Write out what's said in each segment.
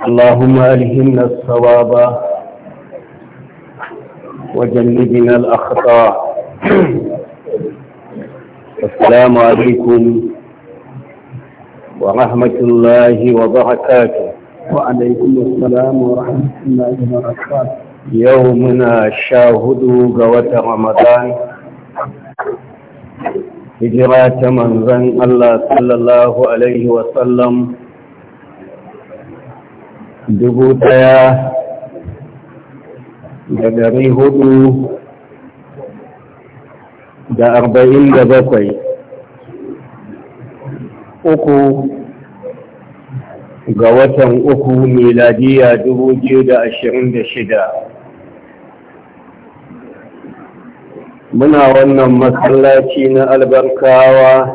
اللهم ألهمنا الصواب وجنبنا الأخطاء السلام عليكم ورحمة الله وبركاته وعليكم السلام ورحمة الله وبركاته يومنا شاهد قوة رمضان هجرات منزل الله صلى الله عليه وسلم dubu ɗaya da dari hudu da arba'in da bakwai uku ga watan uku miladiya dubu biyu da ashirin da shida muna wannan masallaci na albarkawa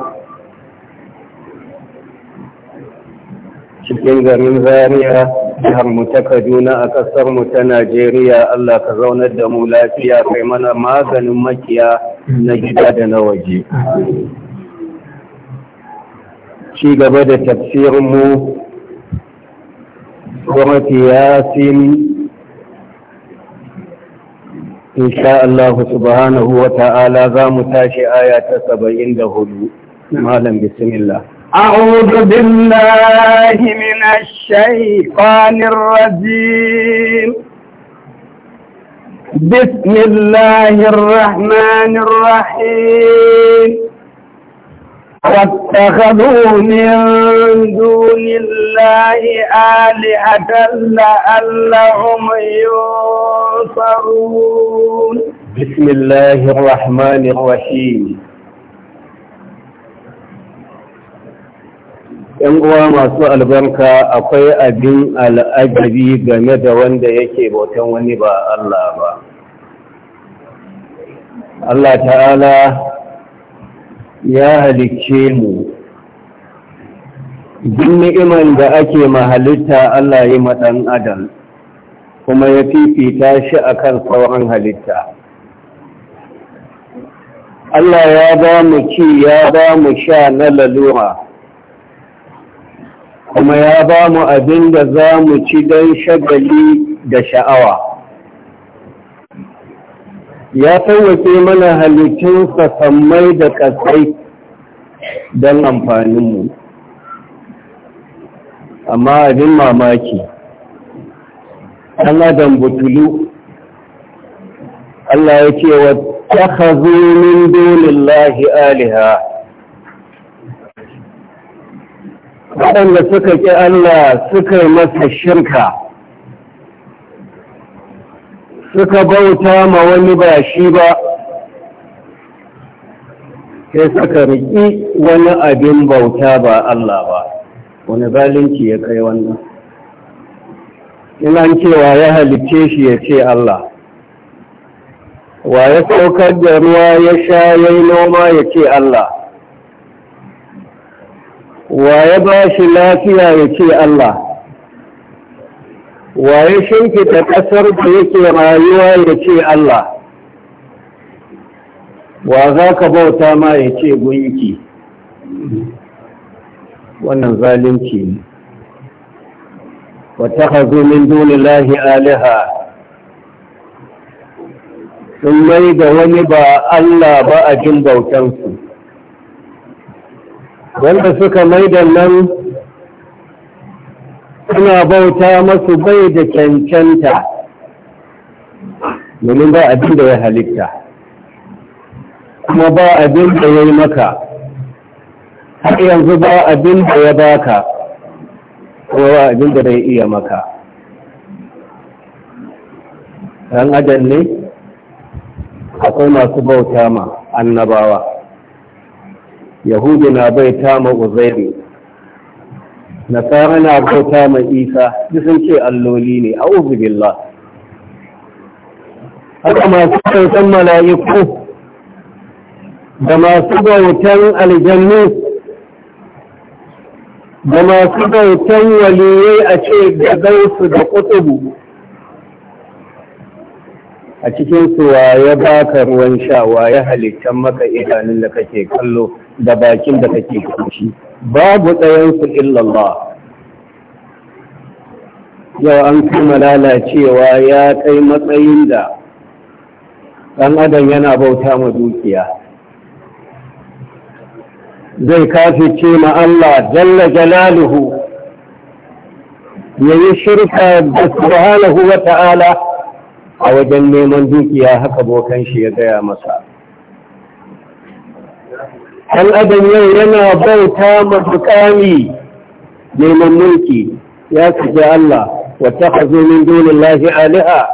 cikin garin zariya jihar mu ta Kaduna a ƙasar mu ta Najeriya Allah ka zaunar da mu lafiya kai mana maganin makiya na gida da na waje. Ci gaba da tafsirin mu ya Yasin insha Allah subhanahu wa ta'ala za mu tashi aya ta da hudu. malam bismillah أعوذ بالله من الشيطان الرجيم بسم الله الرحمن الرحيم واتخذوا من دون الله آلهة لعلهم ينصرون بسم الله الرحمن الرحيم ‘yan uwa masu albarka akwai abin al'ajabi game da wanda yake bautan wani ba Allah ba. Allah ta'ala ya halicce mu, duk ni'iman da ake mahalitta Allah yi maɗan adam, kuma ya fifita shi akan sauran halitta. Allah ya ba mu ci ya ba mu sha na lalura. kuma ya ba mu abin da za mu ci don shagali da sha'awa ya tawace mana halittunsa sammai da ƙasai don amfaninmu amma abin mamaki Allah don butulu Allah ya ce wa ta min Allah aliha waɗanda suka ƙi Allah suka yi masa shirka suka bauta ma wani ba shi ba ke suka riƙi wani abin bauta ba Allah ba wani zalunci ya kai wannan inan cewa ya halicce shi ya ce Allah wa ya saukar da ruwa ya sha ya yi noma ya ce Allah wa ya ba shi lafiya ya ce Allah wa ya ta ƙasar da yake rayuwa ya ce Allah wa za ka bauta ma ya ce gunki wannan zalunci ne wata hazo min duni lahi aliha sun mai da wani ba Allah ba a jin bautansu wanda suka maida nan suna bauta masu bai da cancanta domin ba abin da ya halitta kuma ba abin da ya yi maka har yanzu ba abin da ya baka kuma ba abin da bai iya maka ran adam ne akwai masu bauta ma annabawa yahudu na baita ma uzairi nasara na bauta ma isa duk sun ce alloli ne a billah haka masu bautan mala'iku da masu bautan aljannu da masu bautan waliye a ce gaisu da kutubu a cikin su ya baka ruwan sha ya halittar maka idanun da kake kallo da bakin da kake kushi babu ɗayansu illallah yau an kama lalacewa ya kai matsayin da ɗan adam yana bauta ma dukiya zai kafice ma Allah jalla jalaluhu ya yi shirka da subhanahu wa ta'ala a wajen neman dukiya haka bokan shi ya gaya masa ɗan adam yau yana bauta ma neman mulki ya kaji Allah wata hazo min dunin aliha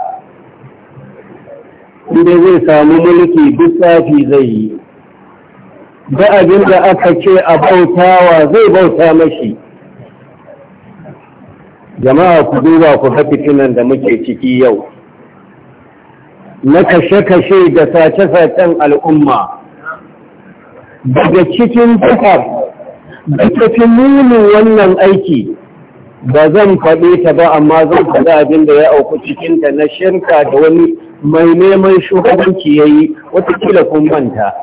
inda zai samu mulki duk tsafi zai yi da abin da aka ce a bautawa zai bauta mashi jama'a ku duba ku ga tunan da muke ciki yau na kashe-kashe da sace-sacen al'umma daga cikin tafar da tafi wannan aiki ba zan faɗe ta ba amma zan faɗa abin da ya auku cikinta na shirka da wani mai neman shugabanci ya yi watakila kun manta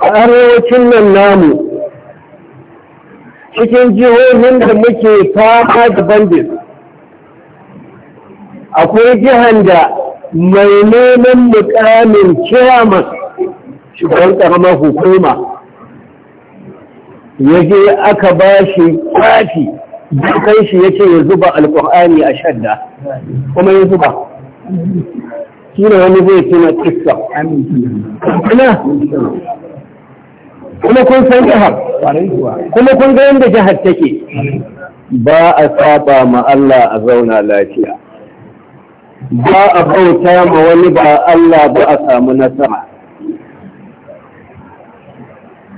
a arewacin nan namu cikin jihohin da muke fama da bandit akwai jihar da mai neman mukamin chairman shugaban karamar hukuma ya je aka ba shi kwafi dukan shi ya ce ya zuba alkur'ani a shadda kuma ya zuba shi ne wani zai tuna kissa kuma kun san jihar kuma kun ga yadda jihar take ba a saba ma Allah a zauna lafiya ba a bauta ma wani ba Allah ba a samu nasara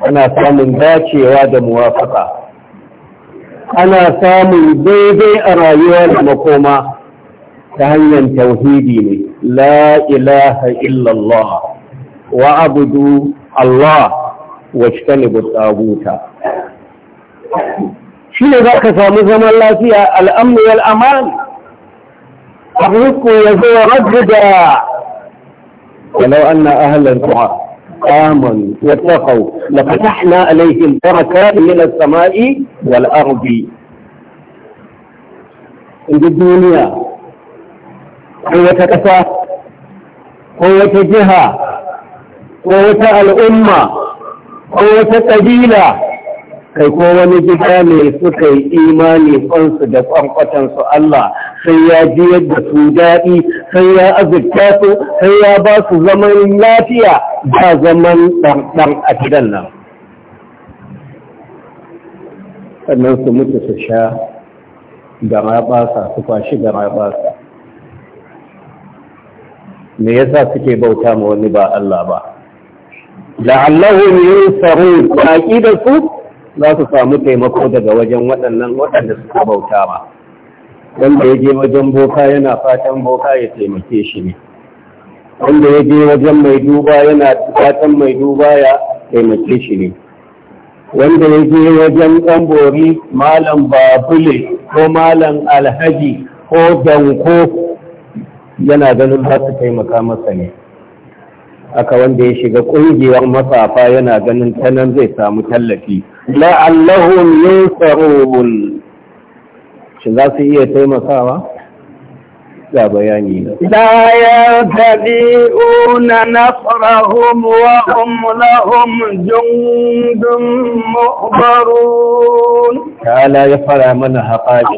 ana samun dacewa da muwafaka ana samun daidai a rayuwa da makoma ta hanyar tauhidi ne la ilaha illallah wa abudu Allah wa citanibu tsaguta shi ne za ka samu zaman lafiya al'amnu wal'aman abu ya zo rabbi da walau an na ahalar tuwa آمنوا واتقوا لفتحنا عليهم بركات من السماء والأرض inda duniya ko wata ƙasa ko wata jiha ko wata al'umma ko wata ƙabila kai ko wani gida ne suka yi imani kwansu da kwankwatansu Allah sai ya ji yadda su daɗi sai ya azurta su sai ya ba su zaman lafiya ba zaman ɗanɗan a gidan nan sannan su mutu su sha gama sa su kwashi gama sa me sa suke bauta ma wani ba Allah ba tsaro yunsarun da su za su samu taimako daga wajen waɗannan waɗanda suka bauta ba wanda ya je wajen boka yana fatan boka ya taimake shi ne wanda ya je wajen mai duba yana bukatan mai duba ya taimake shi ne wanda ya je wajen ɗan bori malam babule ko malam alhaji ko danko yana ganin za su taimaka masa ne aka wanda ya shiga ƙungiyar masafa yana ganin tanan zai samu tallafi la'allahum yunsarun shi za su iya taimakawa بياني لا يبتدئون نصرهم وهم لهم جند مؤبرون تعالى يفعل من حقائق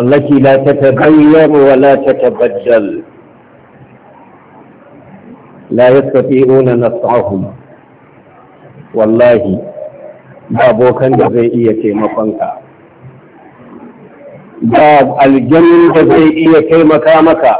التي لا تتغير ولا تتبجل لا يستطيعون نصرهم والله ما بوكا زي ايتي مقنقع ba aljannin da zai iya taimaka maka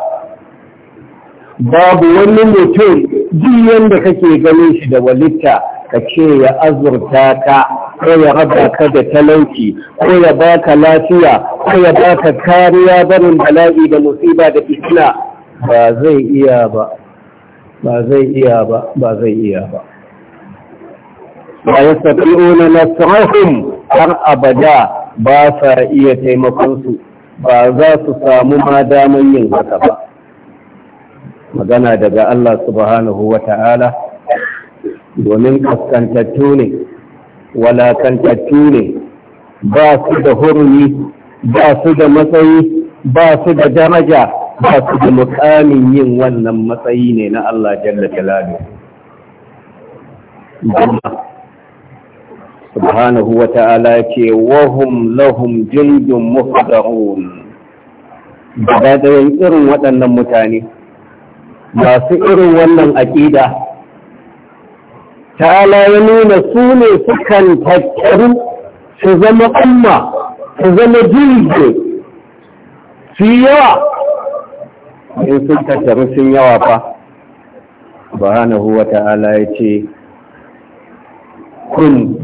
babu wani mutum duk yadda kake ganin shi da walitta ka ce ya azurta ka ko ya raba ka da talauci ko ya baka lafiya ko ya baka kariya barin bala'i da musiba da fitina ba zai iya ba ba zai iya ba ba zai iya ba ba nasrahum har abada ba sa iya taimakonsu ba za su samu ma daman yin haka ba magana daga Allah subhanahu wa ta'ala domin kaskantattu ne walakantattu ne ba su da hurumi ba su da matsayi ba su da daraja ba su da mukamin yin wannan matsayi ne na Allah jalla jalaluhu subhanahu wa ta'ala ce wahum lahum jildun muhdarun gaba ɗayan irin waɗannan mutane masu irin wannan aƙida ta'ala ya nuna su ne sukan tattaru su zama umma su zama jirgi su yawa in sun tattaru sun yawa fa subhanahu wa ta'ala ya ce kun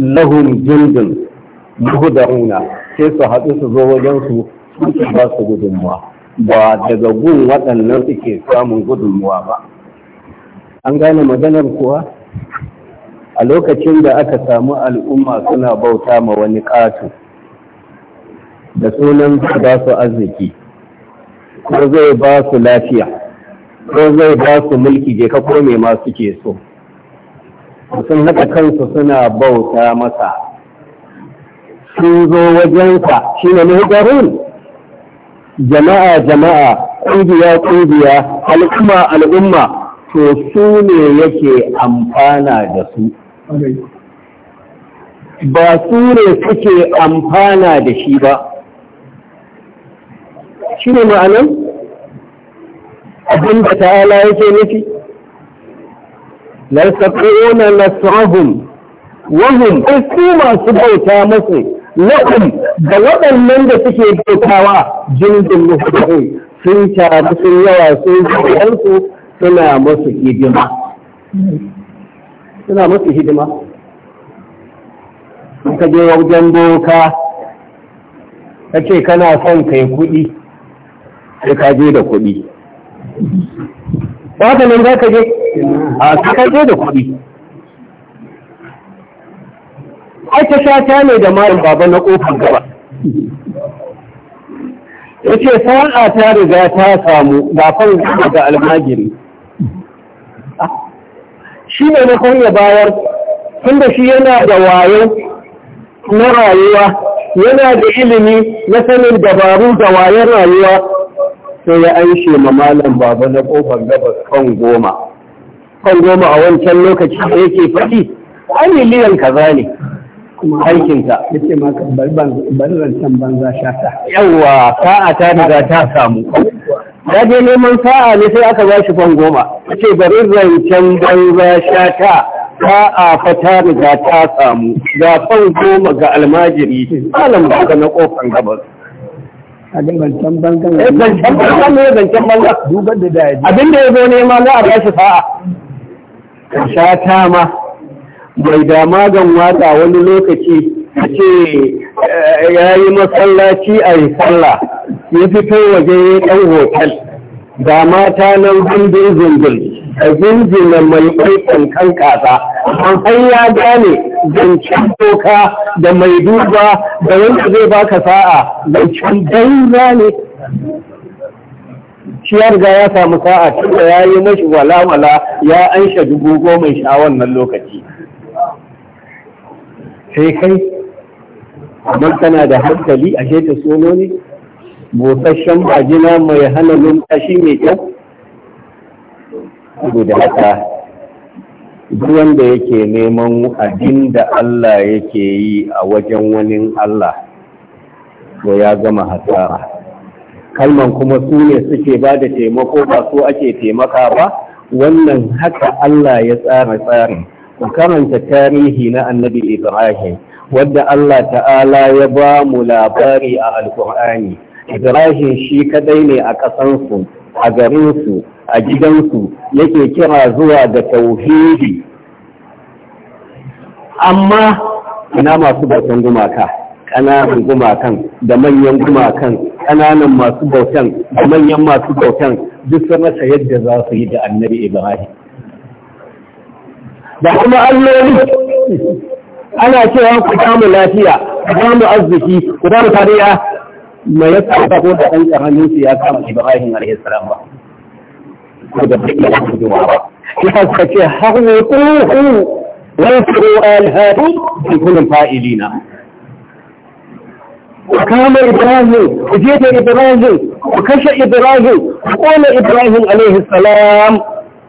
lahum jundun yuhdaruna sai su haɗu su zo wajen su suke ba su gudunmuwa ba daga gun waɗannan suke samun gudunmuwa ba an gane maganar kuwa a lokacin da aka samu al'umma suna bauta ma wani ƙato da sunan zai ba su arziki ko zai ba su lafiya ko zai ba su mulki je ka kome ma ke so sun haɗa kansu suna bauta masa sun zo wajensa shi ne muhdarun jama'a jama'a ƙungiya ƙungiya al'umma al'umma to su ne yake amfana da su ba su ne suke amfana da shi ba shi ne ma'anan abin da ta'ala yake nufi la yastati'una nasrahum wa hum su masu bauta masa, lakum da waɗannan da suke bautawa jindin muhdahun sun taru sun yawa sun zuciyarsu suna musu hidima suna musu hidima ka je wajen doka ka ce kana son kai kuɗi sai ka je da kuɗi ba nan za ka je a kakan je da kuɗi aka shata ne da malam baba na ƙofar gaba ya ce sa'a ta riga ta samu ba kan daga almagiri shi ne na kwanye bayar tunda shi yana da wayo na rayuwa yana da ilimi na sanin dabaru da wayan rayuwa sai ya aishe ma malam baba na ƙofar gabas kan goma kan goma a wancan lokaci da yake faɗi ai miliyan kaza ne aikinta yace ma bari banza shata yawa sa'a ta riga ta samu ya je neman sa'a ne sai aka bashi fan goma yace bari rancen banza shata sa'a fa ta riga ta samu ga fan goma ga almajiri malam ba na kofan gabas abin zancen bangan eh, ne zancen bangan ne zancen bangan duba da abin da ya zo nema za a bashi sa'a ka sha tama mai dama gan watsa wani lokaci a ce eh, ya yi masallaci a yi sallah ya fito waje ya ɗan hotel da mata nan gundun zungul a zinjina mai kwaikon kan kasa an hanya gane zancen doka da mai duba da wanda zai baka sa'a zancen daura ne shi ya riga ya samu sa'a tunda ya yi mashi walawala ya ansha dubu goma sha'awar wannan lokaci sai kai amma tana da hankali a ta sono ne busasshen bajina mai hana numfashi mai kyau da haka duk wanda yake neman abin da Allah yake yi a wajen wani Allah to ya gama hasara kalman kuma su ne suke ba da taimako ba su ake taimaka ba wannan haka Allah ya tsara tsarin ku karanta tarihi na annabi ibrahim wadda Allah ta'ala ya ba mu labari a alkur'ani ibrahim shi kadai ne a ƙasansu a garinsu a gidansu yake kira zuwa ga tauhidi amma ina masu batun gumaka ƙananan gumakan da manyan gumakan ƙananan masu bautan da manyan masu bautan duk sun rasa yadda za su yi da annabi ibrahim da kuma alloli ana cewa ku samu lafiya ku samu arziki ku samu kariya mai ya sa ko da ɗan ƙaramin su ya samu ibrahim alaihi salam ba ko da bai yana guduwa ba ya sace har ne ku ku wani furu alhari bi kullum fa'ilina ku kama ibrahim ku jefe ibrahim ku kashe ibrahim ku kone ibrahim alaihi salam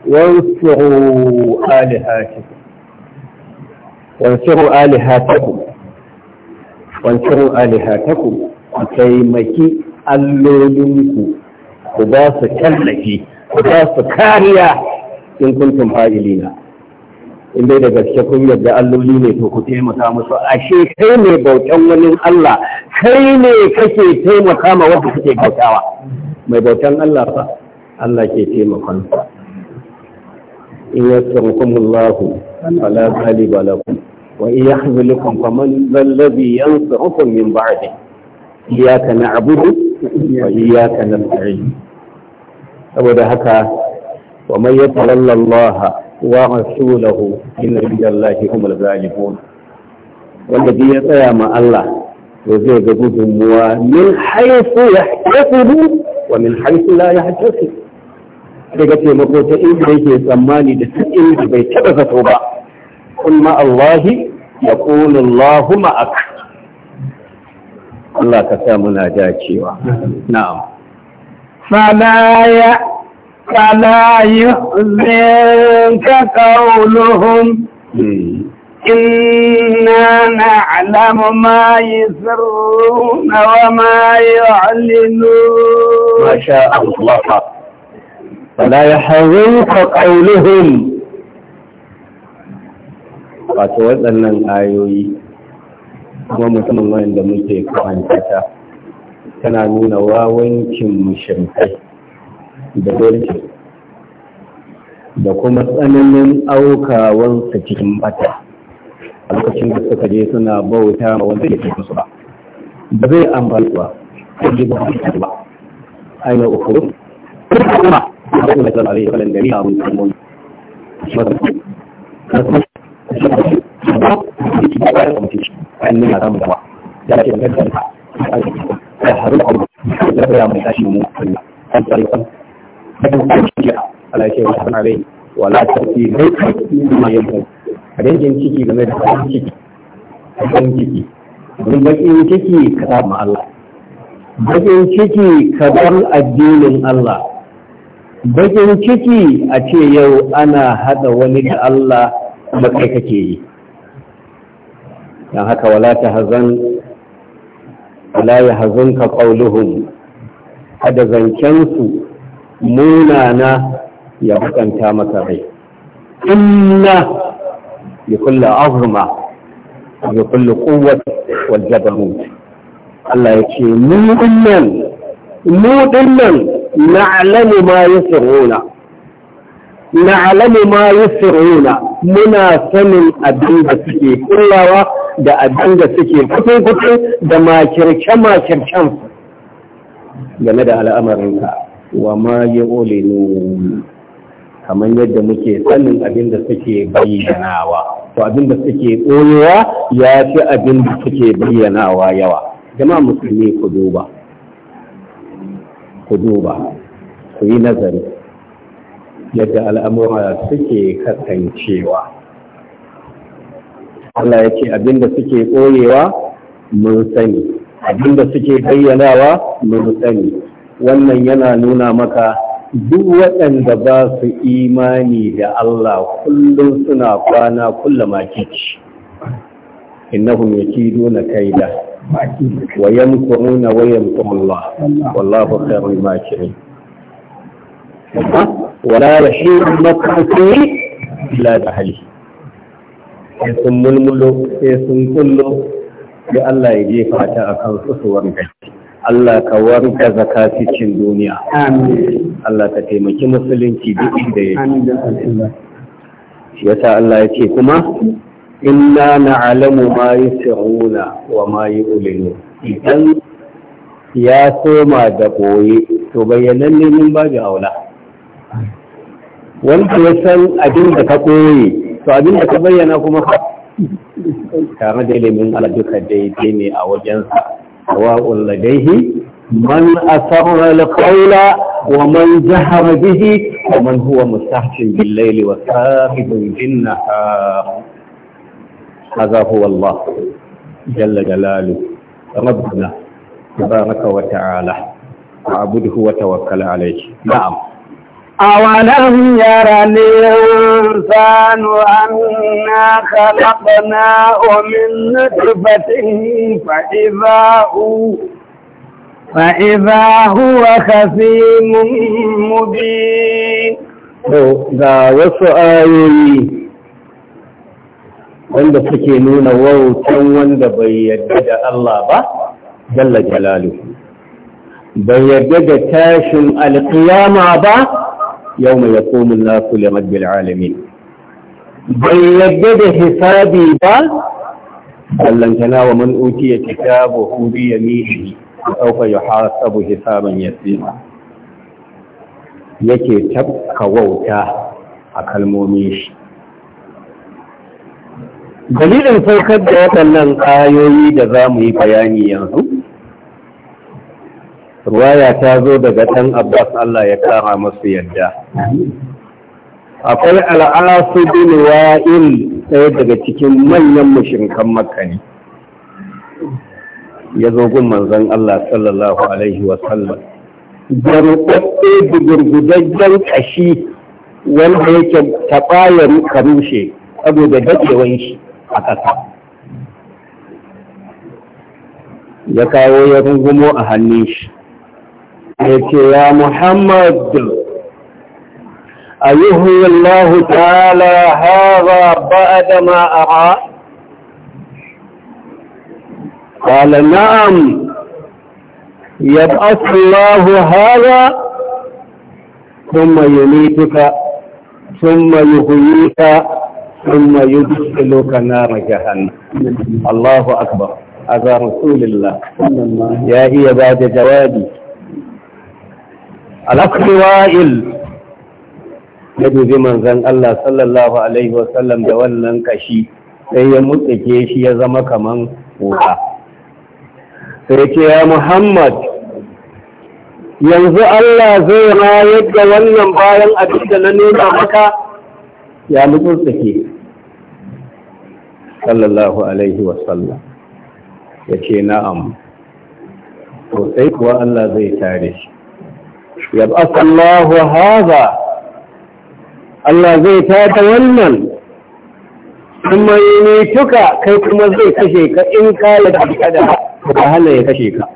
wansuru alihatikum wansuru alihatikum ku taimaki allolinku ku ba su tallafi ku ba su kariya in kuntum fa'ilina in dai da gaske kun yarda alloli ne to ku taimaka musu ashe kai ne bautan wani Allah kai ne kake taimaka ma wanda kake bautawa mai bautan Allah fa Allah ke taimakon sa in yasrukum Allah fala ghaliba lakum wa in yahzulukum faman alladhi yansurukum min ba'di iyyaka na'budu wa iyyaka nasta'in saboda haka wa man yatawalla Allah ورسوله إن عند الله هم الغالبون والذي يطيع مع الله وزي قبضهم ومن حيث يحتفل ومن حيث لا يحتفل daga taimako ta inda yake tsammani da duk inda bai taɓa zato ba kun ma Allahi ya ƙuni Allahu ma'ak Allah ka sa muna dacewa na'am fala ya فلا يحزنك قولهم إنا نعلم ما يسرون وما يعلنون ما شاء الله فلا يحزنك قولهم wato waɗannan ayoyi kuma musamman wanda muke kwanta tana nuna wawancin mushrikai da gwamnati da kuma tsananin aukawansa cikin mata a lokacin da suka je suna bauta ma wanda ya cikin su ba ba zai amfani ba ko ji ba a ba aina ukuru kuma ba kuma da alai kalan gari a mun mun annin na samun dama ya ce da gaggara a ba abu da ya mai tashi mu Allah Allah ya ce wa alai wala tafi dai kuma yanzu rangin ciki game da farin ciki farin ciki don bakin ciki ka samu Allah bakin ciki ka bar addinin Allah bakin ciki a ce yau ana hada wani da Allah kuma kai kake yi don haka wala ta hazan wala ya hazanka qauluhum hada zancensu munana ya bukanta maka rai inna ya kulla azuma ya kulla kowat wal jabarut Allah ya ce mu dinnan mu dinnan na'lamu ma yusirruna na'lamu ma yusirruna muna sanin abin da suke kullawa da abin da suke kutun kutun da makirce makircen game da al'amarin ka. wa ma yu'linun kamar yadda muke sanin abin da suke bayyanawa to abin da suke ɓoyewa ya fi abin da suke bayyanawa yawa jama'a musulmi ku duba ku duba ku yi nazari yadda al'amura suke kasancewa Allah ya ce abin da suke ɓoyewa mun sani abin da suke bayyanawa mun sani wannan yana nuna maka duk waɗanda ba su imani da Allah kullum suna kwana kullum makici innahum yakiduna kaida wa yamkuruna wa yamkuru wallahu khairul makirin wala yahil makruhi illa da hali sai sun mulmulo sai sun kullo da Allah ya jefa ta akan su su wargaci Allah ka warka zakaficin duniya Allah ka taimaki musulunci duk inda yake yasa Allah ya ce kuma inna na'lamu ma yusiruna wa ma yu'linu idan ya soma da boye to mun nemin babu aula wanda ya san abin da ka koyi, to abin da ka bayyana kuma tare da ilimin aladuka daidai ne a wajensa sawa'un ladaihi man asarra alqawla wa man jahara bihi wa man huwa mustahsin bil layli wa sahibun bin nahar hadha huwa Allah jalla jalaluhu rabbuna tabaraka wa ta'ala wa'buduhu wa tawakkal alayhi na'am أولم ير الإنسان أنا خلقناه من نطفة فإذا هو فإذا هو خصيم مبين ga wasu ayoyi wanda suke nuna wautan wanda bai yarda da Allah ba jalla jalaluhu bai yarda da tashin alkiyama ba yawma yaqumu Allahu li rabbil alamin bai yadda da hisabi ba ballantana wa man utiya kitabahu bi yaminihi sawfa yuhasabu hisaban yasira yake tabka wauta a kalmomin shi dalilin saukar da waɗannan ƙayoyi da za mu yi bayani yanzu ruwaya ta zo daga ɗan abbas Allah ya kara masu yadda akwai al'asu bin wa'il ɗaya daga cikin manyan mashirkan makani ne ya zo gun manzan Allah sallallahu alaihi wasallam jarɓaɓɓe da gurgudajen ƙashi wanda yake taɓa ya rushe saboda daɗewan shi a ƙasa ya kawo ya rungumo a hannun shi yake يا محمد أيهي الله تعالى هذا بعد ما أرى قال نعم يبعث الله هذا ثم يميتك ثم يحييك ثم يدخلك نار جهنم الله أكبر هذا رسول الله يا هي بعد جوابي alaƙar wa'il dubi manzan Allah sallallahu Alaihi wasallam da wannan kashi sai ya mutsake shi ya zama kaman wuta. Sai ce ya Muhammad, yanzu Allah zai rayar da wannan bayan abinda na nuna maka ya mutsake. Sallallahu Alaihi wasallam ya ce na'am, sosai sai kuwa Allah zai tare shi. yab'ath Allahu hadha Allah zai ta ta wannan kuma ne tuka kai kuma zai kashe ka in kala yi da kada ka hana ya kashe ka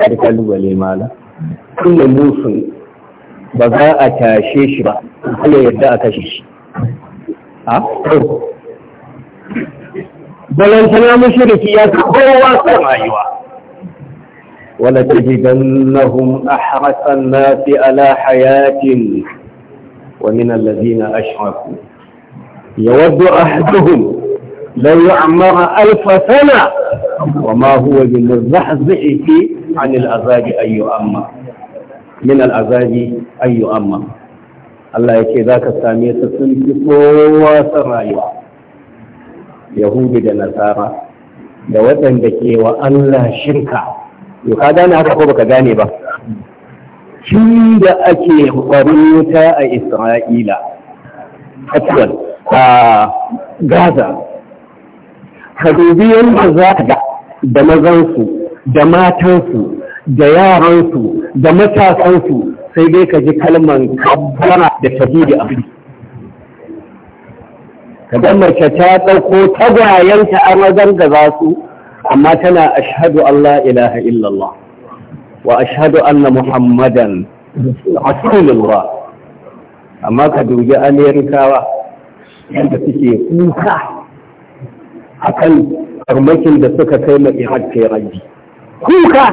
da kalubale mala Kuma musu ba za a tashe shi ba Allah yadda a kashe shi a balantana mashiriki ya kowa kan rayuwa ولتجدنهم أحرص الناس على حياة ومن الذين أشركوا يود أحدهم لو يعمر ألف سنة وما هو بمزحزحه عن العذاب أن يؤمر من العذاب أن يؤمر الله yake ذاك الثانية same su يهود fi kowa san rayuwa Yahudu da Nasara to ka gane haka ko baka gane ba shi da ake kwarin wuta a isra'ila fatuwal a gaza ka dubi yadda za ka ga da mazansu da matansu da yaransu da matasansu sai dai ka ji kalman kabbara da da a ka ga mace ta ɗauko tagwayenta da gaza su amma tana ashhadu Allah ilaha illallah wa ashhadu anna muhammadan rasulullah amma ka dubi amerikawa yadda suke kuka akan farmakin da suka kai ma iraq rabbi kuka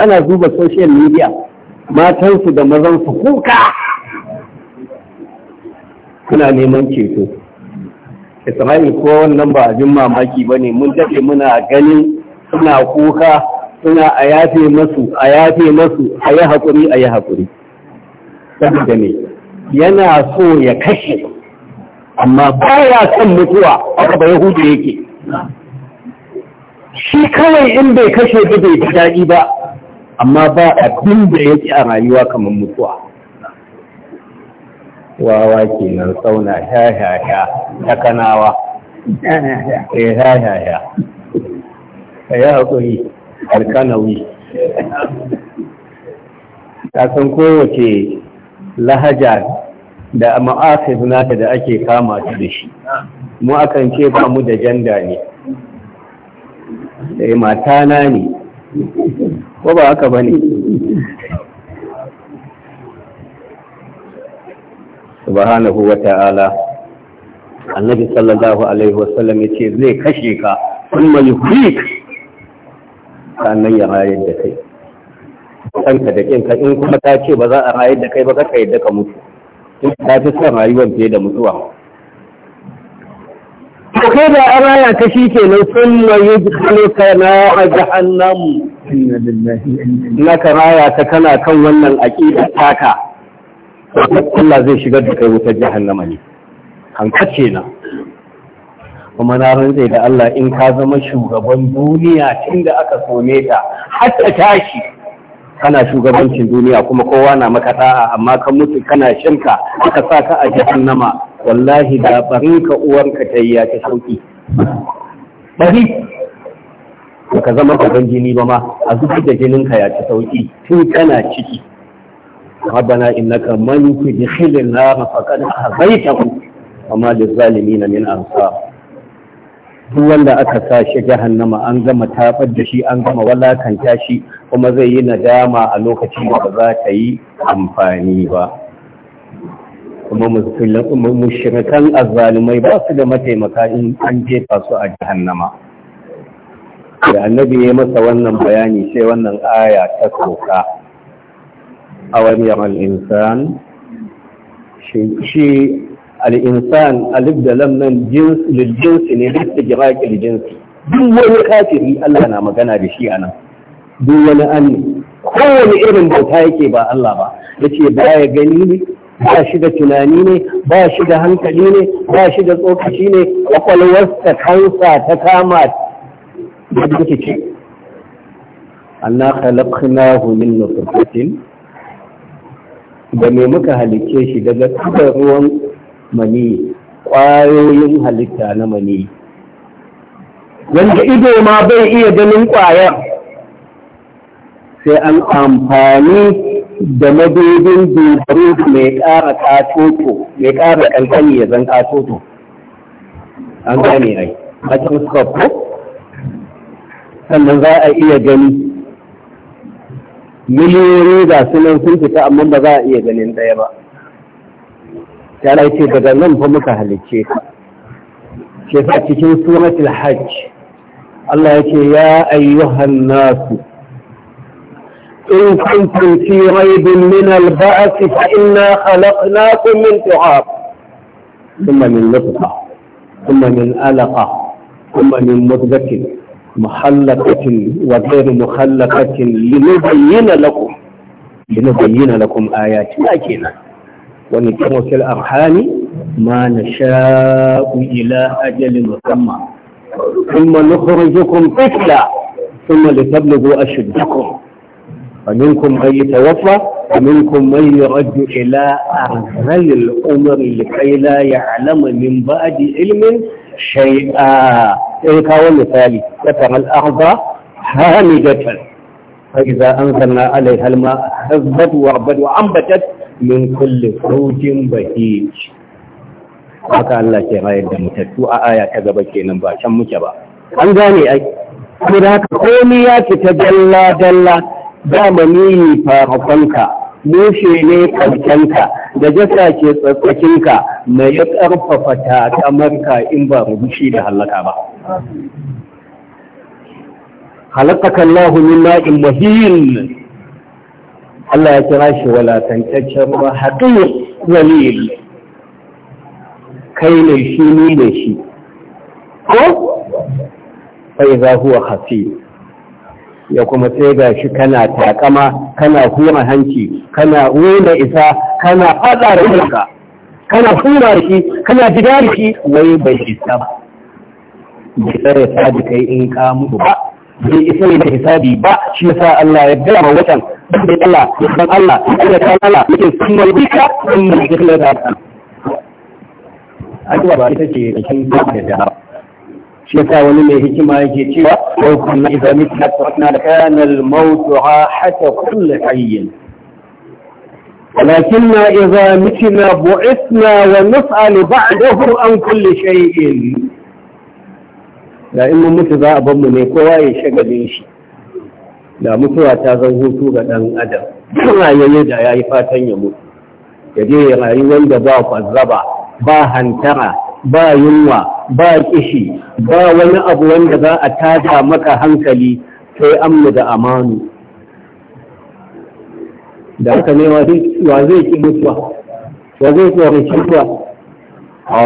ana zuba social media matansu da mazansu kuka suna neman ceto Isra'il ko wannan ba abin mamaki ba ne mun daɗe muna ganin suna kuka suna a yafe masu a yafe masu a yi haƙuri a yi haƙuri saboda ne yana so ya kashe amma ba ya son mutuwa a kaba yahudu yake shi kawai in bai kashe ba bai daɗi ba amma ba abin da yake a rayuwa kamar mutuwa wawa kenan tsauna ha ha ta kanawa eh ha ha ya alkanawi ta san kowace lahaja da ma'afif nata da ake kama ta da shi mu akan ce ba mu da janda ne E, mata na ne ko ba haka ba ne subhanahu wa ta'ala annabi sallallahu alaihi wasallam ya ce zai kashe ka kuma yuhik sannan ya rayar da kai kanka da kinka in kuma ta ce ba za a rayar da kai ba ka yadda ka mutu in ta fi son rayuwar fiye da mutuwa ko kai da amana ka shi ke nan sun mai duka na a jahannam na raya ta kana kan wannan aƙida taka Allah zai shigar da kai wutar jahannama ne hankace na kuma na rantse da Allah in ka zama shugaban duniya tun da aka sone ta har ta tashi kana shugabancin duniya kuma kowa na maka amma ka mutu kana shinka aka sa ka a jahannama wallahi da barin uwanka ta yi ya ta sauki bari ka zama gaban jini ba ma a duk da jininka ya ta sauki tun kana ciki ربنا إنك من تدخل النار فقد أهديته وما للظالمين من أنصار duk wanda aka sa shi jahannama an gama tafar da shi an gama walakanta shi kuma zai yi nadama a lokacin da ba za ta yi amfani ba kuma mushrikan azzalumai ba su da mataimaka in an jefa su a jahannama da annabi ya masa wannan bayani sai wannan aya ta soka awan yaran insan shi al'insan alif da lamnan jinsi ne duk da jiraƙi jinsi duk wani kafiri Allah na magana da shi anan duk wani annu kowane irin bauta yake ba Allah ba ya ce ba ya gani ne ba shi da tunani ne ba shi da hankali ne ba shi da tsokaci ne kwakwalwarsa kansa ta kama da duka ce Allah khalaqnahu min nutfatin da me muka halicce shi daga tubar ruwan mani ƙwayoyin halitta na mani wanda ido ma bai iya ganin ƙwayar sai an amfani da madubin dubaru mai ƙara katoto mai ƙara ƙanƙani ya zan katoto an gane ai a can sannan za a iya gani miliyoyi ga sunan sun fita amma ba za a iya ganin ɗaya ba ta ce daga nan fa muka halicce ka shi cikin suratul hajj Allah ya ce ya ayyuhan nasu إن كنتم في ريب من البعث فإنا خلقناكم من تعاب ثم من نطفة ثم من ألقة ثم من مدبك محلقة وغير مخلقة لنبين لكم لنبين لكم آياتنا لكن ونتمو في الأرحام ما نشاء إلى أجل مسمى ثم نخرجكم طفلا ثم لتبلغوا أشدكم ومنكم من يتوفى ومنكم من يرد إلى أرذل الأمر لكي لا يعلم من بعد علم شيئا sai kawo misali kasar al'arba hamidatan fa an zanna alaiha alma hazbat wa rabat wa ambatat min kulle zawjin bahij haka Allah ke rayar da mutattu a aya ta gaba kenan ba can muke ba an gane ai kuma da haka komai ya fita dalla dalla mu ne farafanka mushe ne karkenka da jasa ke tsatsakinka mai ya ƙarfafa takamarka in ba rubushi da hallaka ba. halakaka Allahu min ma'in mahin Allah ya kira shi walakantaccen ruwa haƙiƙ walil kai ne shi ni ne shi ko sai za huwa hafi ya kuma sai ga shi kana takama kana kuma hanci kana wuna isa kana fada da kanka kana hura shi kana jidar shi wai bai isa ba bai tsare sadi kai in ka mutu ba bai isa ne da hisabi ba shi yasa Allah ya gaya ma watan da Allah ya san Allah ya Allah yake sun walbika in da ke kula da Allah ba ita ce da kin da da shi yasa wani mai hikima yake cewa wa kunna idza mitna tarakna la kana al maut rahata kull hayy ولكن إذا متنا بعثنا ونسأل بعده عن كل شيء da in mun mutu za a ban mu ne kowa ya shagalin shi da mutuwa ta zan hutu ga ɗan adam rayayye da ya yi fatan ya mutu ya je ya rayu wanda ba kwazzaba ba hantara ba yunwa ba kishi ba wani abu wanda za a tada maka hankali sai amnu da amanu da aka ne wa zai ki mutuwa wa zai tsoron mutuwa a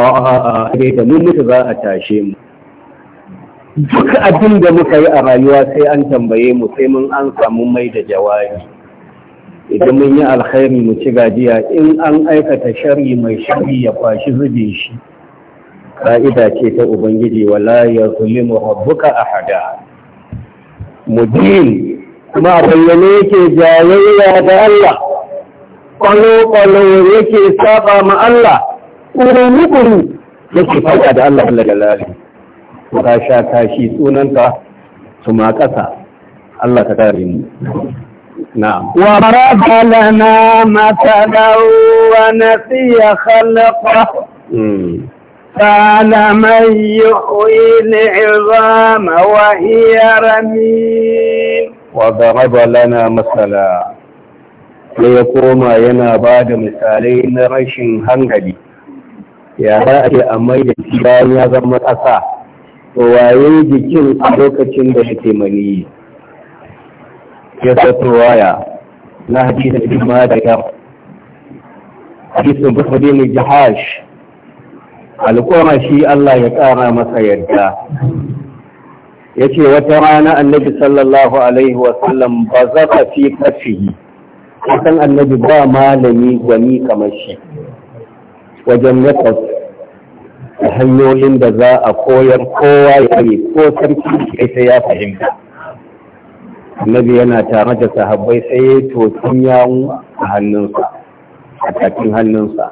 a a da mun mutu za a tashe mu duk abin da muka yi a rayuwa sai an tambaye mu sai mun an samu mai da jawabi idan mun yi alkhairi mu ci gajiya in an aikata shari mai shari ya kwashi zube shi ka'ida ce ta ubangiji wala ya a rabbuka ahada mudin kuma a bayyane yake jayayya da Allah kwalo-kwalo yake saba ma Allah kuru-kuru yake fada da Allah Allah da ka sha kashi sunanka su ma ƙasa Allah ka kare mu na'am wa rafa lana matala wa nasiya khalqa قال من يحيي العظام وهي رميم وضرب لنا مثلا ليقوم ينا بعد مثالين رشن هنغلي يا رأي أمي يا زمت أساه waye jikin a lokacin da yake maniyi ya sato waya na hadisin ibn madaka hadisin bukudin jahash alƙura shi Allah ya ƙara masa yadda ya ce wata rana annabi sallallahu alaihi wasallam ba za ka fi kafi. kasan annabi ba malami gwani kamar shi wajen ya da hanyoyin da za a koyar kowa ya kare ko sarki kai sai ya fahimta annabi yana tare da sahabbai sai ya tokin yawon a hannunsa a takin hannunsa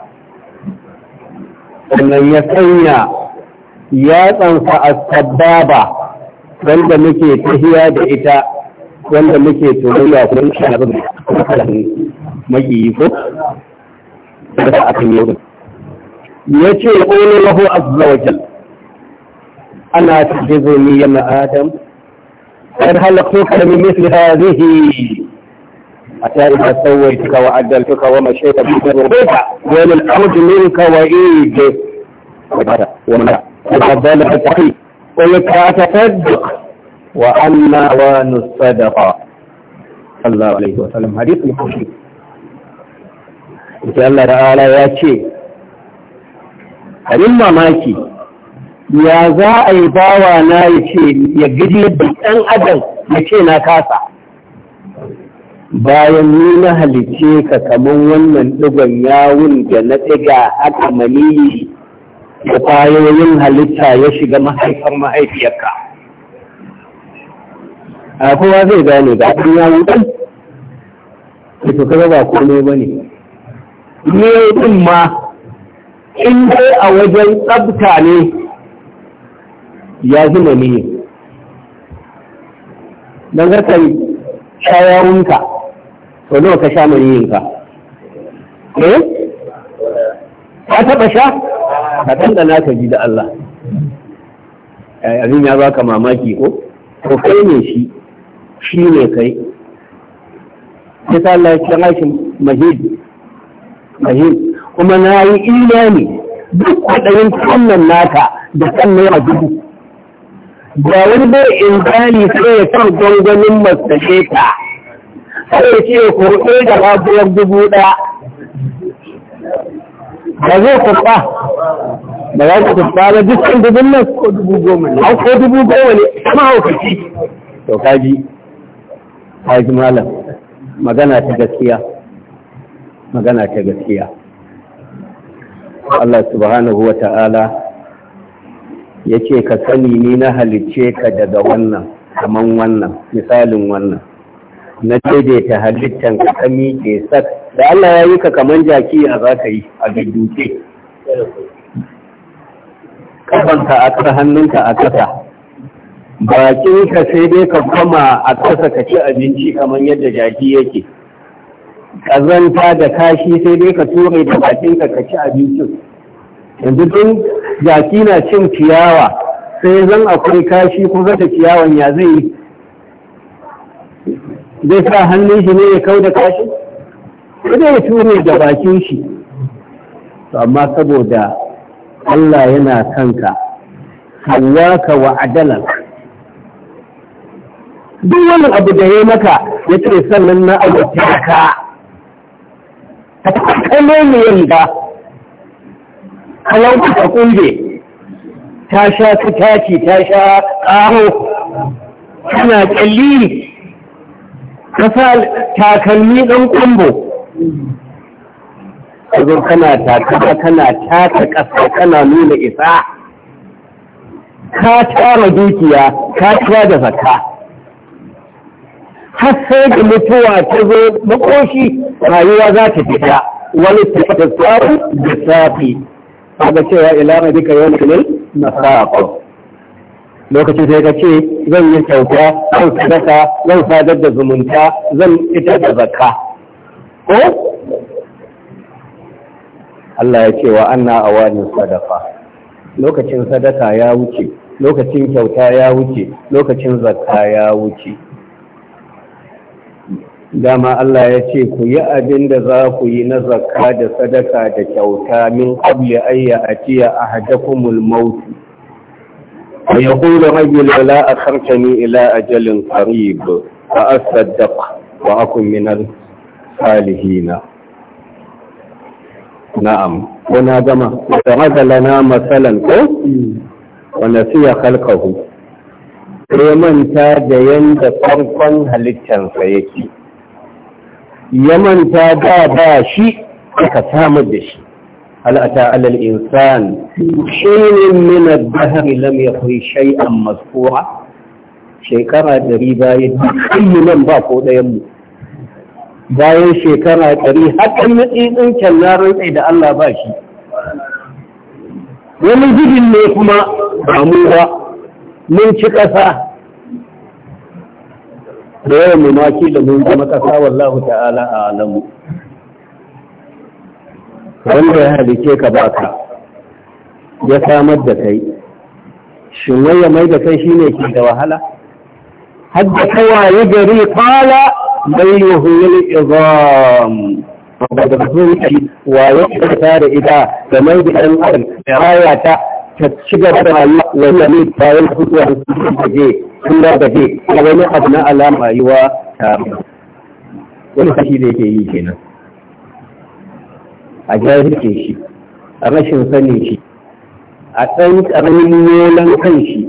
sannan ya sanya yatsansa a sababa wanda muke tahiya da ita wanda muke turiya kun shi na makiyi ko da aka yi yace يقول له عز وجل jalla ana يا آدم adam قد خلقتك من مثل هذه حتى ما سويتك وعدلتك ومشيت بجربك وإن الأرض منك وإيجه وبدأ ومنع وفضل التقي ويتعتصدق وأنا وان الصدقة صلى الله عليه وسلم حديث مخشي إن شاء الله تعالى يا شيخ abin mamaki ya za a yi bawa na ya ce ya gidi da ɗan adam ya ce na kasa bayan ni na halice ka kamar wannan ɗigon yawun da na ɗiga aka maniyi da kwayoyin halitta ya shiga mahaifar mahaifiyarka a kowa zai gane ga ɗan yawun ɗan ita kuma ba kome ba ne ne ɗin ma in dai a wajen tsabta ne ya zina ne don ka kai shayarunka to nawa ka sha maniyinka eh ka taba sha ka dandana ka ji da Allah eh, abin ya baka mamaki ko ko kai ne shi shi ne kai sai Allah ya ce shi mahid mahid kuma na yi imani duk kwaɗayin sannan naka da sannan yawa dubu ga wani bai in gani sai ya san gwangwanin masashe ta sai ya ce kurɗe da rabuwar dubu ɗaya ba zai kurɓa ba za ku kurɓa ba dukkan dubu nan ko dubu goma ne ko dubu goma ne kuma haukaci to kaji kaji malam magana ta gaskiya magana ta gaskiya Allah subhanahu wa ta'ala ya ce ka sani ni na halicce ka daga wannan kaman wannan misalin wannan na daidaita halittan ka ka miƙe sak da Allah ya yi ka kaman jaki a za ka yi a gajjuke kafanka a ƙasa hannunka a ƙasa bakinka sai dai ka kama a ƙasa ka ci abinci kaman yadda jaki yake ƙazanta da kashi sai dai ka ture da bakinka ka ci abincin yanzu tun jaki na cin ciyawa sai zan akwai kashi kusa da ciyawan ya zai yi zai sa hannun shi ne ya kau da kashi sai ya ture da bakin shi amma saboda Allah yana kanka hallaka wa adalanka duk wani abu da ya maka ya ce sannan na abu ka ka ta kalle mu ya kalau ka kunde ta sha ta taci ta sha ƙaho tana kyalli ka sa takalmi ɗan kumbo a zo kana takaka kana taka ƙasa kana nuna isa ka tara dukiya ka tara da zakka har sai da mutuwa ta zo makoshi rayuwa za ta fita wani tafi tsaru da safi kaga cewa ila mai duka yau ne na safa lokacin sai ka ce zan yi kyauta zan sadaka zan sadar da zumunta zan fitar da zakka ko Allah ya ce wa anna awanin sadaka lokacin sadaka ya wuce lokacin kyauta ya wuce lokacin zakka ya wuce dama Allah ya ce ku yi abin da za ku yi na zakka da sadaka da kyauta min qabli ayya atiya ahadakumul maut wa yaqulu rajul la akhartani ila ajalin qarib fa asaddaq wa akun min al salihina na'am kuna gama tarada lana masalan ko wa nasiya khalqahu remanta da yanda farkon halittansa yake ya manta ba ba shi aka samar da shi al'ata alal insan shine min ad-dahr lam yakun shay'an shekara ɗari bayan dukkan nan ba ko ɗayan mu bayan shekara ɗari hakan na tsintsin na rantsai da Allah ba shi wani gudun ne kuma ba mu ba mun ci ƙasa da yawan mu maki da mun zama ƙasa wallahu ta'ala a alamu wanda ya halice ka baka ya samar da kai shin wai ya mai da kai shine ke da wahala hadda kawaye gari qala bai yuhul izam da da sun yi wa ya tsara ita da mai da ɗan adam ya ta ci gaba da rayuwa wajen bayan fitowa da je kuma da je da wani abu na alama yi wa ta wani kashi da yake yi kenan a jahilce shi a rashin sani shi a ɗan ƙaramin yolan kan shi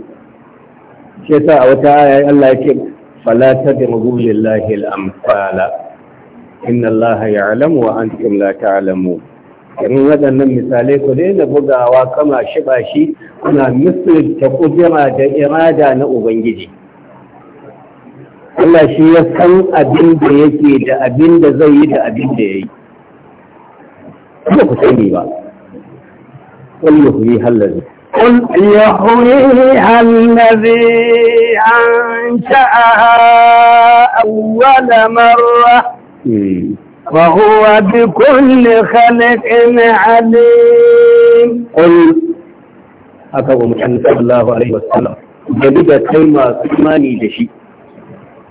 shi yasa a wata aya Allah ya ce fala da lillahi al-amsala inna Allah ya ya'lamu wa antum la ta'lamun irin waɗannan misalai ku daina bugawa kama shi ba shi, kuna misalta kudura da irada na ubangiji Allah shi ya san abin da yake da abin da zai yi da abin da ya yi kuma ku sani ba wallahu yi hallazi قل يحييها الذي أنشأها أول مرة فهو بكل خلق عليم قل haka wa mutane sallallahu alaihi da kai masu imani da shi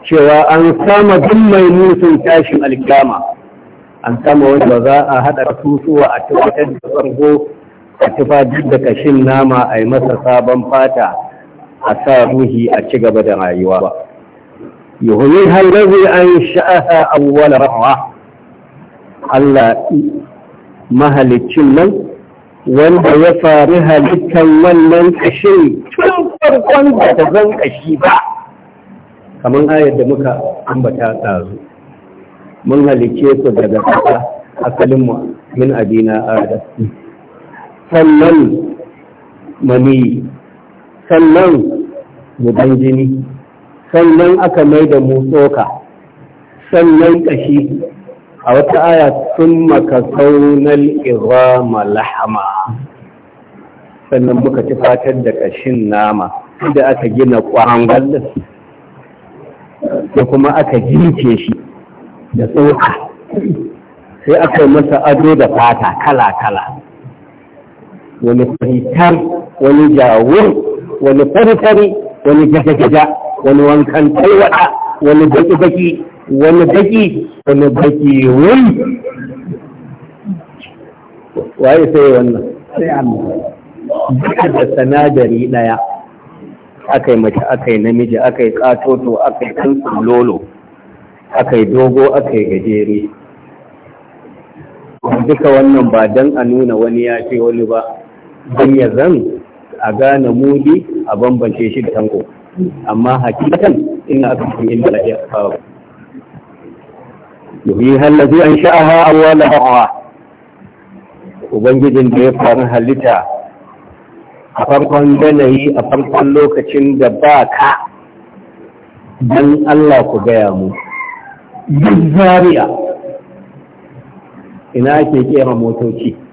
cewa an sama duk mai mutun tashin alkama an sama wani ba za a haɗa tusuwa a tabbatar da farko a tufa da kashin nama a yi masa sabon fata a sa ruhi a cigaba da rayuwa ba yuhuni halazi an sha'aha awwal rahwa Allah mahalicin nan wanda ya faru halittar wannan kashin tun farkon da ta zan kashi ba kamar ayar da muka ambata tsaro. mun halice ku daga ƙasa asalin min adina adam sannan mani sannan gudan jini sannan aka mai da mu tsoka sannan ƙashi a wata aya sun makasaunar irama lahama sannan muka ci fatar da kashin nama inda aka gina ƙwarangar da kuma aka jinke shi da tsoka sai aka yi masa ado da fata kala-kala wani faritar wani jawur wani farfari wani gida-gida, wani wankan taiwada wani baki baki wani baki wani baki wai waye sai wannan sai amma. Duk da sanadari daya akai mace akai namiji akai katoto akai kansu lolo akai dogo akai gajere duka wannan ba dan a nuna wani ya ce wani ba don ya zan a gane mudi a bambance shi da tango amma hakikatan إن أكرمكم عند الله أتقاكم يحييها الذي أنشأها أول مرة Ubangijin da ya faru halitta a farkon yanayi a farkon lokacin da ba ka don Allah ku gaya mu. Duk zariya ina ke ƙera motoci.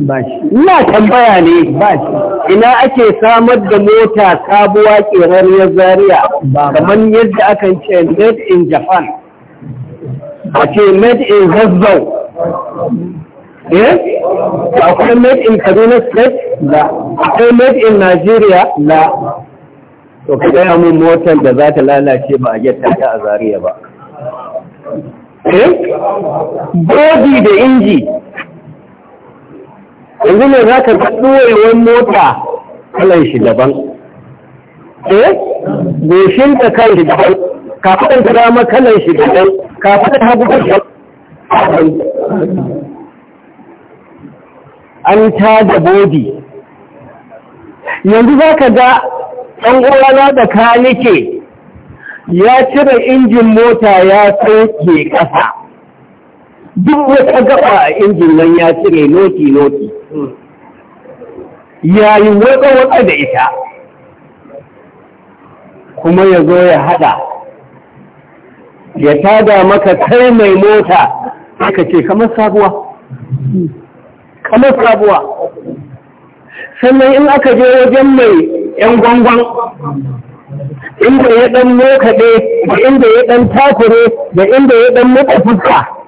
ina tambaya ne ina ake samar da mota sabuwa ya zaria kamar yadda aka ce made in japan a ce made in zazzau eh akwai made in kaduna state la akwai made in nigeria la to ka gaya mun motar da za ta lalace ba a yadda ta a Zariya ba eh bodi da inji yanzu ne za ka wani mota kalan shi daban eh goshin ta kan shi daban kafin ta dama kalan shi daban kafin ta hagu ta shi an ta da bodi yanzu za ka ga ɗan uwana da ka nike ya cire injin mota ya sauke ƙasa duk wata gaba a injin nan ya cire noti noti Yayin wata wata da ita kuma ya zo ya hada ya tada maka kai mai mota aka ce kamar sabuwa kamar sabuwa sannan in aka je wajen mai yan gwangwan inda ya dan mokaɗe da inda ya dan takure da inda ya dan muka fuska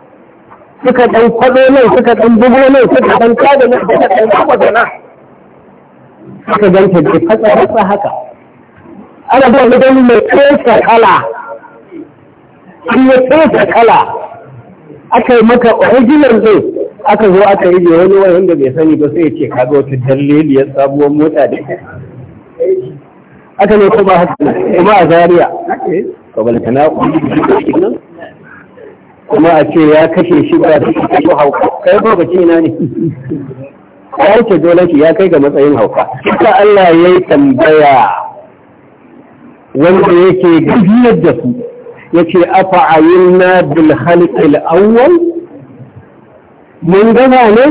suka ɗan kwaɗo nan suka ɗan bugu nan suka ɗan kada nan suka ɗan kwaɗo nan suka ɗan da fatsa haka ana ba mu gani mai tsoka kala an yi tsoka kala aka yi maka original ɗin aka zo aka yi da wani wani wanda bai sani ba sai ya ce kaga wata dalliliyar sabuwar mota da aka ne ko ba haka kuma a zariya to kuma kuma a ce ya kashe shi ba kashe shi hauka kai ba ba na ne ya wuce dole shi ya kai ga matsayin hauka kika Allah ya yi tambaya wanda yake gajiyar da su ya ce afa ayyuna na bilhalƙil awwal mun gama ne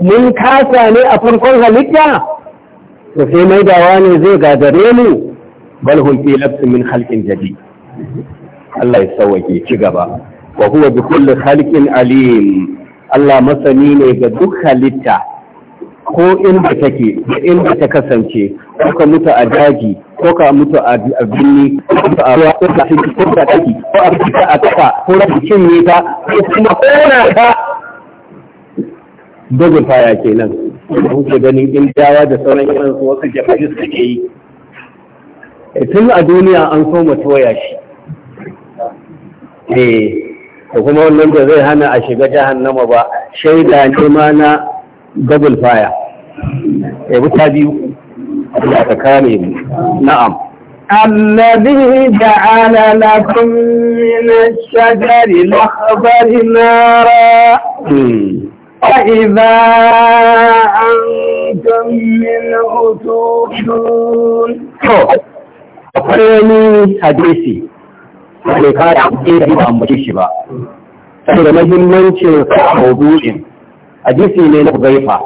mun kasa ne a farkon halitta da sai maidawa ne zai gadare mu bal hum lafsu min halkin jabi. Allah ya sauwake ci gaba wa huwa bi kulli khaliqin alim Allah masani ne ga duk halitta ko inda take da inda ta kasance ko ka mutu a daji ko ka mutu a birni ko ka ruwa ko ka cikin ko a taki ko a cikin a kafa ko cikin ne ta ko kuma kona ta dogon faya kenan ke ganin dawa da sauran irin su wasu su suke yi eh, tun a duniya an so mu toya shi eh da kuma wannan da zai hana a shiga jahannama ba shaida ne ma na double fire ya wuta biyu Allah ta kame mu na'am الذي جعل لكم من الشجر الأخضر نارا وإذا أنتم منه توقدون أقرأني حديثي sai ka da ke da ba ambace shi ba saboda muhimmancin sa mawdu'in hadisi ne na Huzaifa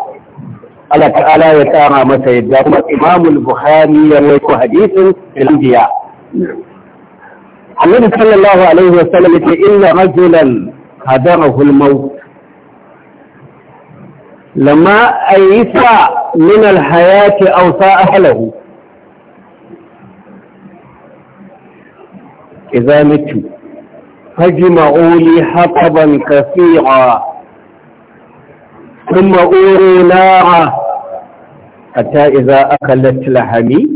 Allah ta'ala ya tsara masa yadda kuma Imam al-Bukhari ya rawaito hadisin al-Anbiya Annabi sallallahu alaihi wa sallam yace inna rajulan hadarahu al-maut lamma ayisa min al-hayati aw halahu. إذا مت فاجمعوا لي حطبا كثيرا ثم أوروا نارا حتى إذا أكلت لحمي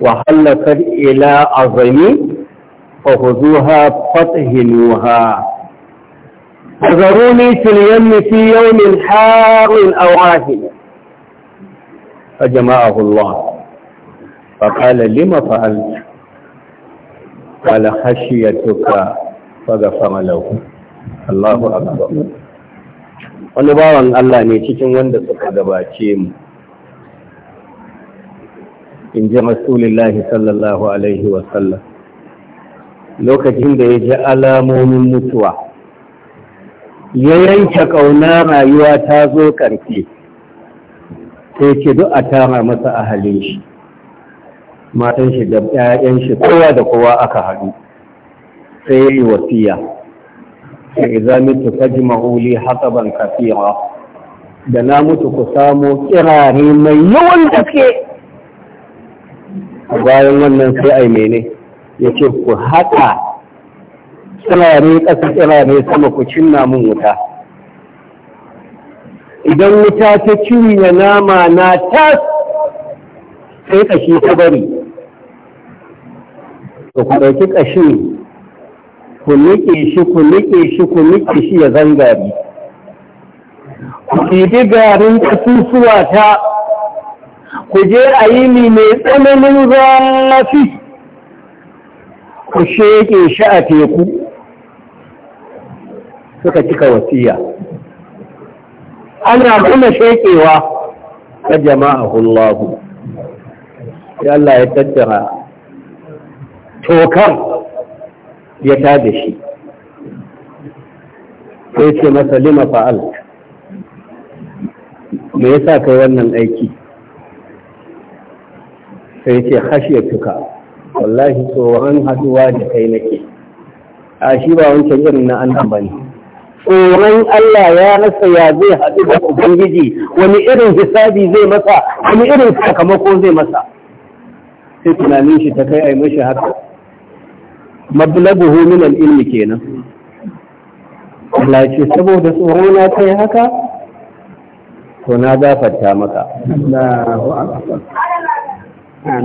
وحلت إلى عظمي فخذوها فطهنوها فذروني في اليم في يوم حار أو عاهل فجمعه الله فقال لم فعلت قال خشيتك فغفر له الله اكبر wani bawan Allah ne cikin wanda suka gabace mu in ji rasulullahi sallallahu alaihi wasallam lokacin da ya ji alamomin mutuwa ya yanke ƙauna rayuwa ta zo ƙarfi sai ce duk a tara masa ahalin shi matan shi da ƴaƴan shi kowa da kowa aka haɗu sai yi wasiya sai idza mitu fajma'u li hataban kathira da na mutu ku samu kirare mai yawan gaske bayan wannan sai ai mene yace ku haɗa kirare ƙasa kirare sama ku cinna mun wuta idan wuta ta cinye nama na tas sai kashi ta bari to ku ɗauki ƙashin ku niƙe shi ku niƙe shi ku niƙe shi ya zangari ku ɗibi garin ƙasusuwa ta ku je a yi ni mai tsananin zafi ku sheƙe shi a teku suka cika wasiya ana kuma sheƙewa ga jama'a hullahu ya Allah ya tattara tokar ya ta da shi sai ce masa lima fa'al me sa kai wannan aiki sai ce tuka wallahi tsoron haduwa da kai nake a shi ba wancan irin na annan ne. tsoron Allah ya rasa ya zai haɗu da ubangiji wani irin hisabi zai masa wani irin sakamako zai masa sai tunanin shi ta kai a yi mashi haka mablaguhu min al-ilmi kenan Allah ce saboda tsoro na kai haka to na gafarta maka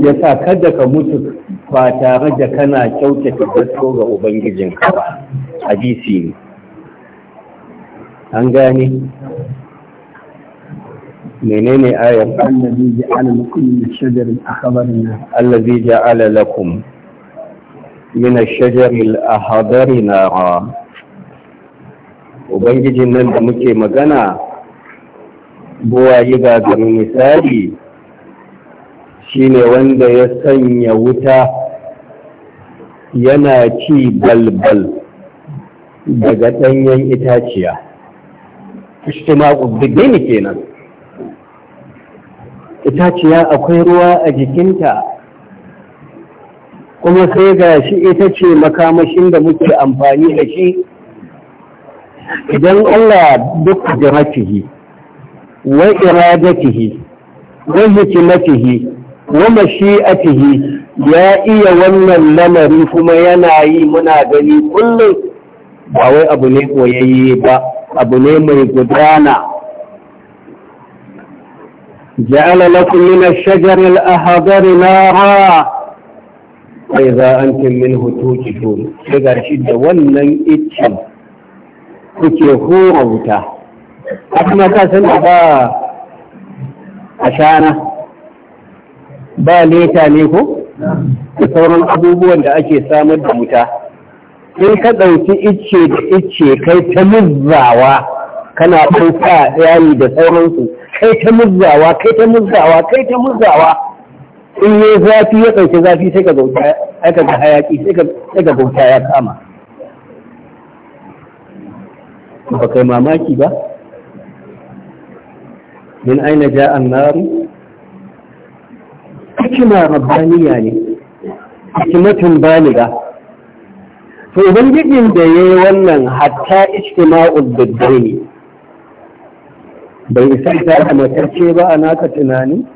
ya sa kada ka mutu ba tare da kana kyautata gasko ga ka ba hadisi ne an gane menene ayar allazi ja'ala lakum min shajarin akhbarin allazi ja'ala lakum من الشجر الأحضر نارا Ubangijin nan da muke magana, buwayi ga gami misali shi ne wanda ya sanya wuta yana ci balbal daga ɗanyen itaciya. Ishtima ƙubbigini kenan. Itaciya akwai ruwa a jikinta kuma sai ga shi ita ce makamashin da muke amfani da shi idan Allah duk jiratihi wa iradatihi wa hikimatihi wa mashi'atihi ya iya wannan lamari kuma yana yi muna gani kullum ba wai abu ne koyayye ba abu ne mai gudana ja'ala lakum min ash-shajari al-ahdari nara sai za an min hoto ki tuni ga shi da wannan iccen kuke hura wuta a kuma ka san da ba a shana ba leta ne ko da sauran abubuwan da ake samar da wuta in ka ɗauki icce da icce kai ta muzzawa kana ɗauka yayi da sauransu kai ta muzzawa kai ta muzzawa kai ta muzzawa in yi zafi ya ɗauki zafi sai ka bauta aka ga hayaki sai ka bauta ya kama ba kai mamaki ba min aina ja an naru hikima rabbaniya ne bani baliga to ubangijin da ya yi wannan hatta ijtima'ul biddaini bai isa ta da ba a naka tunani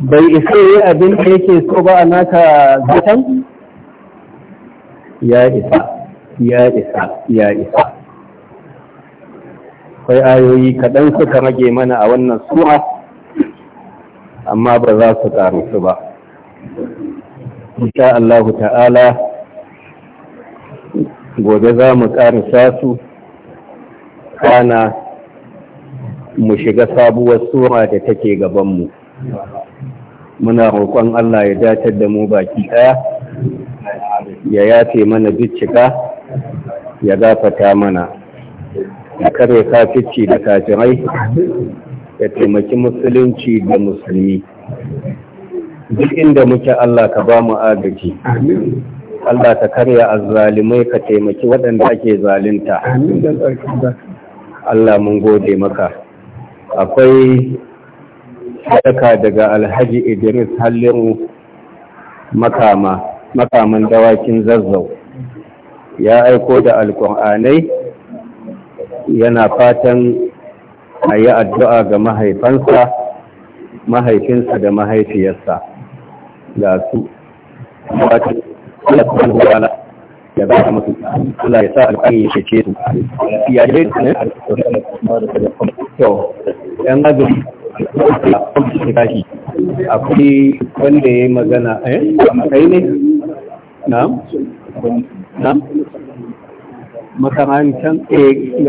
bai isa yi abin da yake so ba a naka zaton? ya isa ya isa ya isa akwai ayoyi kaɗan suka rage mana a wannan sura amma ba za su ƙaru su ba insha Allahu ta'ala gobe za mu ƙarisa su kana mu shiga sabuwar sura da take gabanmu muna roƙon Allah ya datar da mu baki ɗaya ya yafe mana bincika ya gafata mana ya kare kafici da kafirai ya taimaki musulunci da musulmi duk inda muke Allah ka ba mu agaji Allah ka karya azzalimai ka taimaki waɗanda ake zalunta Allah mun gode maka akwai sadaka daga alhaji idris halliru makama makaman dawakin zazzau ya aiko da alkur'anai yana fatan a yi addu'a ga mahaifansa mahaifinsa da mahaifiyarsa ga su ya ba musu Allah ya sa ya su ya akwai wanda ya yi magana yi eh, kai ne na na makarantar eh